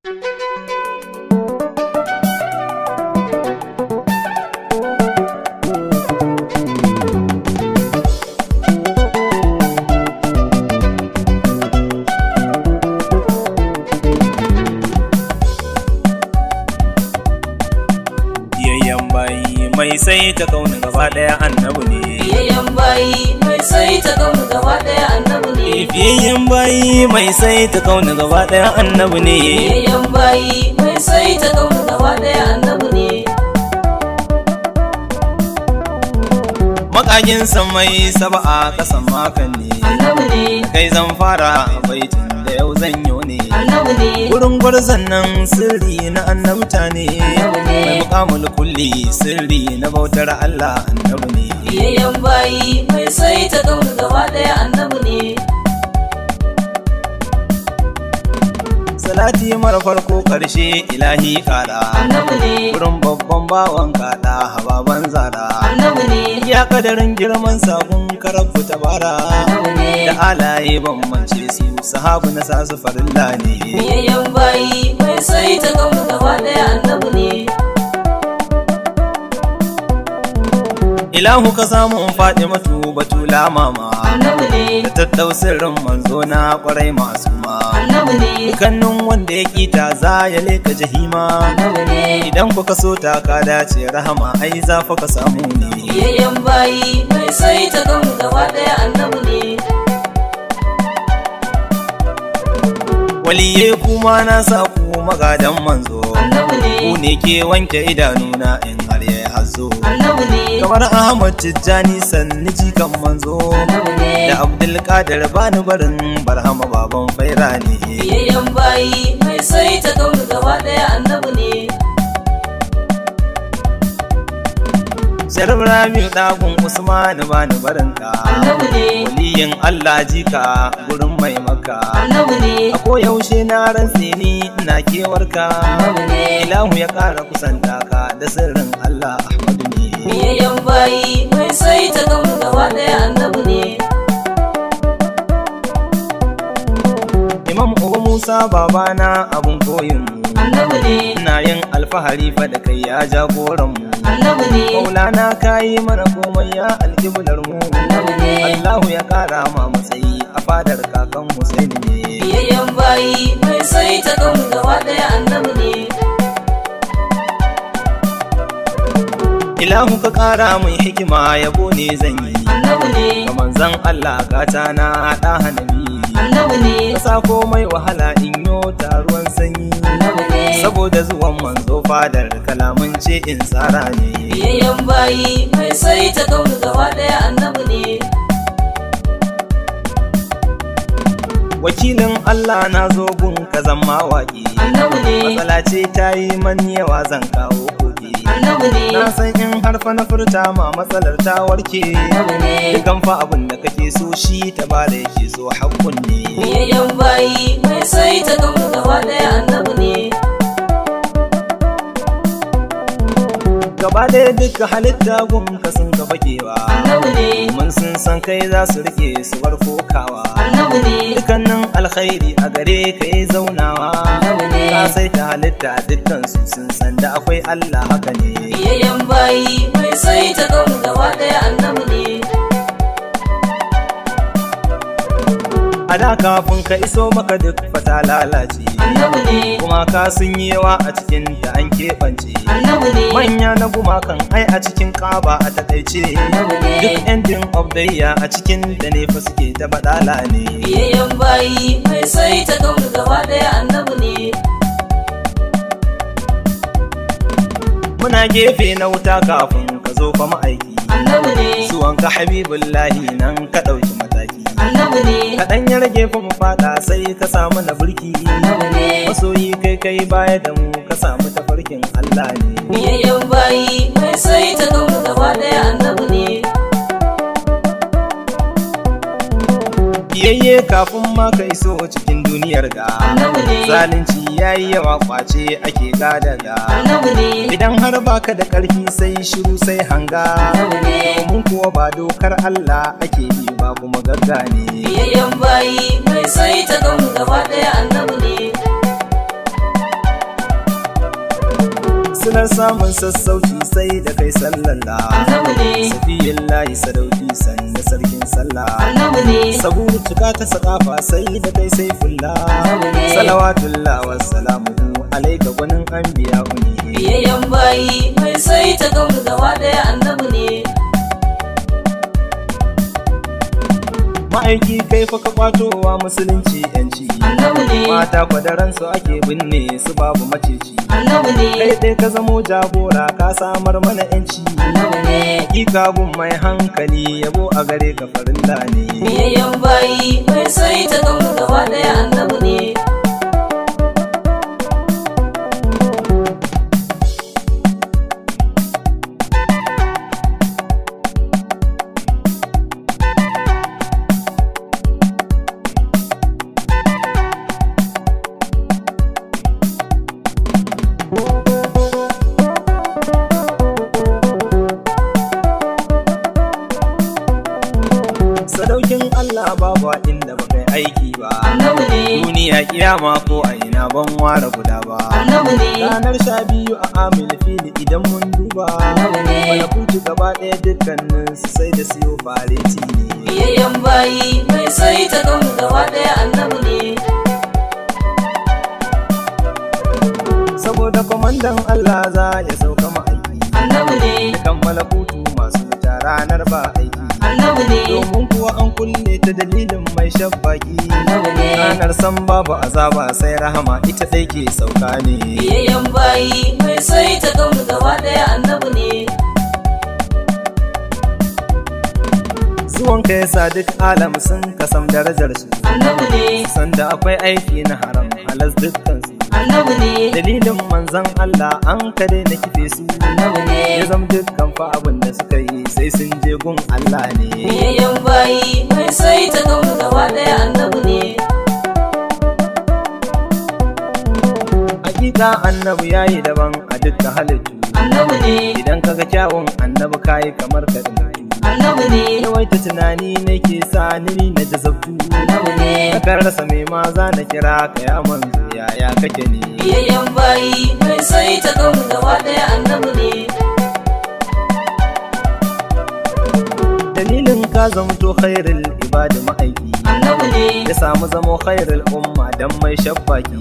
mai sai ta kauna gaba ɗaya an Yayyan bayi mai sai ta kauna gaba daya annabi ne. Yayyan bayi mai sai ta kauna gaba daya annabi ne. Makagin samai saba'a kasan makan ne. Annabi ne. Kai zan fara baitin da yau zan yi ne. Annabi ne. Wurin gwarzan nan sirri na annabta ne. ne. Mai mukamul kulli sirri na bautar Allah annabi ne. Yayyan bayi mai sai ta kauna gaba daya annabi ne. salati mara farko karshe ilahi kada ne wurin babban bawan kada hababan zara annabi ya kadarin girman sabon karabu tabara da alaye ban mance su sahabu na sasu farilla ne bayi mai sai ta gaba gaba daya ilahu ka samu in faɗi matu batula mama da tattau ran manzo na kwarai masu ma dukkanin wanda ya kita za ya leka jahima idan kuka so ta ka dace rahama ai za fa ka samu ne yayyan bayi mai sai ta kan gaba daya annabi ne waliye kuma na sa ku magadan manzo ku ne ke wanke idanuna in har yayi hazo kamar Ahmad Tijjani sanni jikan manzo da Abdul Kadir bani barin barhama baban faira ne yayyan bayi mai sai ta kauna gaba daya annabi ne Sarar Rabi'u dagun Usman bani barinka annabi ne waliyin Allah jika gurin mai maka annabi ne a koyaushe na rantsi ni ina kewarka annabi ne ilahu ya kara kusanta ka da sirrin Allah bayi mai sai ta gamu gaba ɗaya annabi ne imam uba musa babana abun koyin mu annabi ne ina yin alfahari fa da kai ya jagoran mu annabi ne maulana kayi mana komai ya alkiblar mu annabi ne allahu ya kara ma matsayi a fadar kakan husaini ne biyayyen bayi mai sai ta gamu gaba ɗaya annabi ne ilahu ka kara mun hikima yabo ne zan yi annabi ne ga manzon Allah gata na da hanabi annabi ne sa komai wahala in yo taruwan sanyi ne saboda zuwan manzo fadar kalamun ce in tsara ne biyayyen bayi mai sai ta kauna gaba daya annabi ne wakilin Allah na zo gun ka zama waƙi. Matsala ce ta yi man yawa zan kawo ku Na san in harfa na furta ma matsalar ta warke Dukan fa abun da kake so shi ta bada yake so hakkun ne Biyayyen bayi mai sai ta gaba gaba daya annabi ne Gaba daya duka halitta gun ka sun annabu ne. kai za su rike su bar kokawa dukkanin alkhairi a gare ka yi zaunawa ka sai ta halitta dukkan su sun san da akwai Allah haka ne biyayyen bayi mai sai ta gaba daya annabi ne da kafin ka iso maka duk fata lalace kuma ka sun yi yawa a cikin da an keɓance manya na gumakan ai a cikin kaba a takaice duk ending of the year a cikin da ne fa suke ta badala ne biyayyen bayi mai sai ta kauna gaba daya annabi ne muna gefe na wuta kafin ka zo fa ma'aiki zuwanka habibullahi nan ka ɗauki kaɗan ya rage fa mu fada sai ka samu na burki masoyi kai kai baya da mu ka samu tafarkin Allah ne biyayyen bayi mai sai ta gaba gaba daya annabi yayye kafin ma ka iso cikin duniyar ga zalunci yayi yawa kwace ake gada ga idan har baka da karfi sai shiru sai hanga mun kuwa ba dokar Allah ake yi ba kuma gaggane biyayyen bayi mai sai ta gaba daya annabi ne silar samun sassauci sai da kai sallallah safiyin layi sadauki sanda sarkin sallah sabu tuka ta sakafa sai da kai sai fulla salawatullah salamu alayka gwanin anbiya uni ne biyayyen bayi mai sai ta gamu gaba daya annabi ne ma'aiki kai fa ka kwatowa musulunci yanci ne mata kwadaran su ake binne su babu maciji annabi ne kai dai ka zamo jagora ka samar mana yanci annabi ne gun mai hankali yabo a gare ka farin ne me yan babu inda ba kai aiki ba duniya kiyama ko a ina ban ware guda ba ranar sha biyu a amil fili idan mun duba malakutu gaba ɗaya dukkanin su sai da siyo fareti ne biyayyen bayi mai sai ta kan gaba ɗaya annabu ne saboda kwamandan Allah za ya sauka ma'aiki Annabu ne kan malakutu masu wuta ranar ba aiki annabi ne domin kuwa an kulle ta dalilin mai shabbaki ranar san babu azaba sai rahama ita dai ke sauka ne biyayyen bayi mai sai ta kauna gaba daya annabi ne zuwan ka yasa duk alam sun kasam darajar su annabi ne sanda akwai aiki na haram halas dukkan annabi ne dalilin manzan Allah an kare na kife su annabi ne ya zama dukkan fa abin da suka yi sai sun je gun Allah ne biyayyen bayi mai sai ta gama gaba daya annabi ne hakika annabi yayi daban a dukkan halittu annabi ne idan kaga kyawun annabi kayi kamar ka annabi ne yawaita tunani nake sa ni na jazabtu annabi ne ka rasa me maza na kira ka ya manzo yaya kake ne biyayyen bayi mai sai ta kan gaba daya annabi ne dalilin ka zamto khairul ba da mahaifi ya samu zamo khairul umma dan mai shabbaki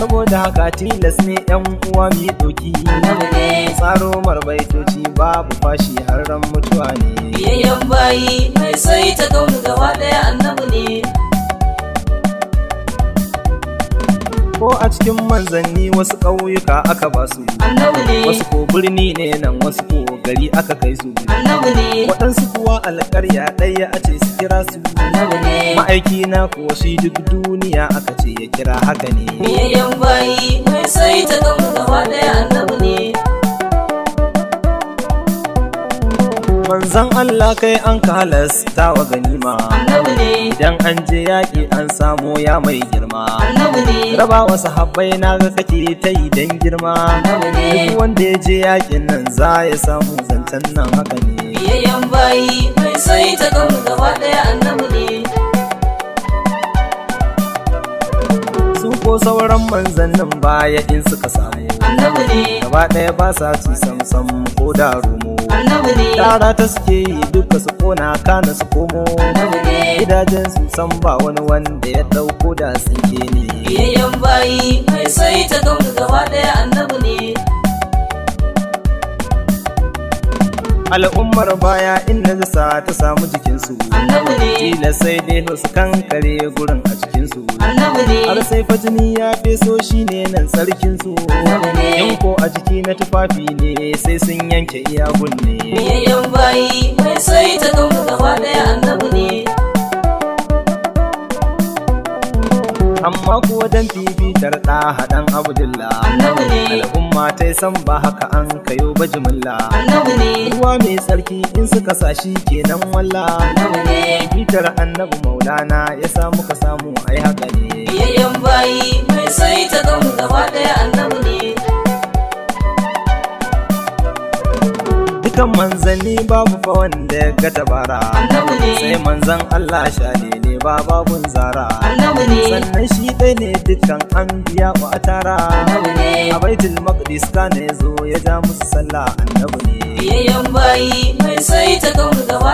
saboda haka tilas ne yan uwa mu doki tsaro marbaitoci babu fashi har ran mutuwa ne yayyan bayi mai sai ta kaunu gaba daya annabi ko a cikin manzanni wasu ƙauyuka aka ba su wasu ko birni ne nan wasu ko gari aka kai su waɗansu kuwa alƙarya ɗaya a ce su kira su ma'aiki na kuwa shi duk duniya aka ce ya kira haka ne biyayyen bayi mai sai ta gaba ɗaya annabi ne manzan Allah kai an kalasta wa ganima dan an je yaƙi an samu ya mai girma raba wa sahabbai na ga kake ta yi dan girma duk wanda ya je yaƙin nan za ya samu zancen nan haka ne biyayyen bayi mai sai ta gaba daya annabi ne ko sauran manzannin baya in suka samu annabi ne gaba ɗaya ba sa ci samsam ko da rumo annabi ne tara ta suke yi duka su kona kana su komo annabi ne gidajen su san ba wani wanda ya ɗauko da tsinke ne biyayyen bayi mai sai ta gaba ɗaya annabi ne al'ummar baya inda zasa ta samu jikinsu kila sai dai su kankare gurin a cikinsu har sai fajini ya feso shi ne nan sarkinsu in ko a jiki na tufafi ne sai sun yanke iyagun ne bayi mai sai ta gaba daya annabi amma ko dan tar da hadan abdullah al'umma ta san ba haka an kayo ba jimilla ruwa mai tsarki in suka sashi kenan walla bitar annabi maulana ya samu ka samu ai haka ne yayyan bayi mai sai ta gamu gaba daya annabi ne dukan manzanni babu fa wanda ya ga tabara sai manzan Allah shalili ba babun zara sannan shi dai ne dukkan an biya wa a tara a baitul maqdis ka ne zo ya ja musu sallah annabi ne biyayyen bayi mai sai ta kauna gaba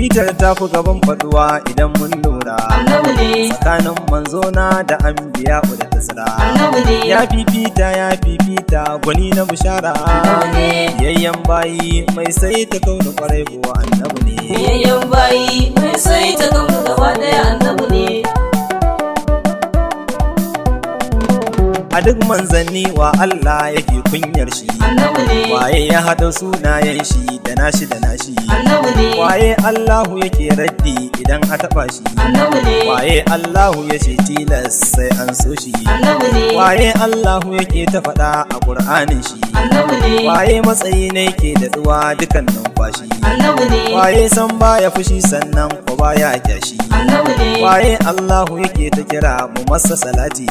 fitar ta fi gaban faduwa idan mun lura tsakanin manzona da an biya da tasira ya fifita ya fifita gwani na bishara yayyan bayi mai sai ta kauna kwarai kuwa annabu ne yayyan bayi mai sai ta kauna gaba daya annabu ne a duk manzanni wa Allah yake kunyar shi waye ya haɗa sunayen shi da nashi da nashi waye Allahu yake raddi idan a taɓa shi waye Allahu ya ce tilas sai an so shi waye Allahu yake ta faɗa a ƙur'anin shi waye matsayi ne yake da tsuwa dukan numfashi waye san baya fushi sannan ko baya kyashi waye Allahu yake ta kira mu masa salati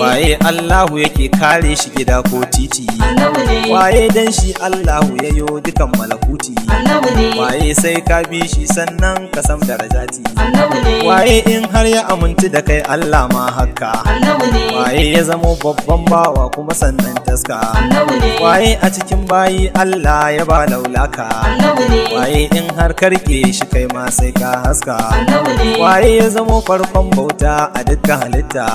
waye Allahu yake kare shi gida ko titi waye dan shi Allahu yayo dukan malakuti waye sai ka bi shi sannan ka sam darajati waye in har ya aminci da kai Allah ma haka waye ya zama babban bawa kuma sannan taska waye a cikin bayi Allah ya ba laulaka waye in har karke shi kai ma sai ka haska waye ya zamo farkon bauta a dukkan halitta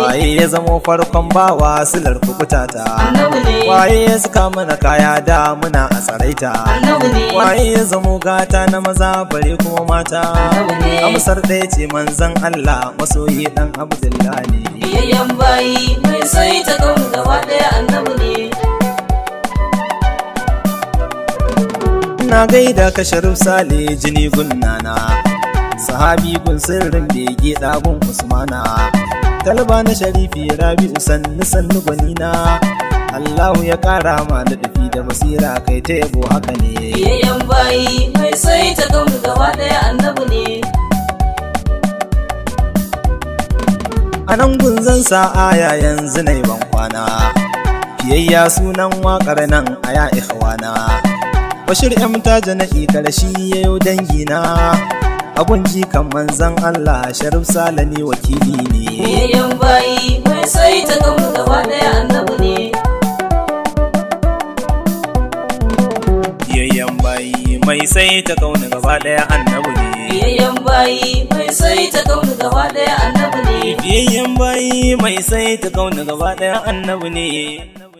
waye ya zamo farkon bawa silar kukuta ta waye ya suka mana kaya da muna a tsaraita waye ya zamo gata na maza bare kuma mata amsar ɗaya ce manzan Allah masoyi dan Abdullahi biyayyen bayi mai sai ta gaba daya annabi ne na gaida ka sharif sale jini gunnana sahabi gun sirrin da yake ɗagun usmana talba na sharifi rabi'u sannu sannu gwanina Allahu ya kara ma da tafi da basira kai ta yabo haka ne. Yayyan bayi mai sai ta gamu gaba ɗaya annabu ne. A nan gunzan aya yanzu na ban kwana, fiyayya sunan waƙar nan a ya ihwana. bashir jana'i taja ya yi dangi na. abun kan manzan Allah sharif sala ne wakili ne yayin bayi mai sai ta gamu gaba daya annabi ne yayin bayi mai sai ta kauna gaba daya annabi ne yayin bayi mai sai ta kauna gaba daya annabi ne yayin bayi mai sai ta kauna gaba daya annabi ne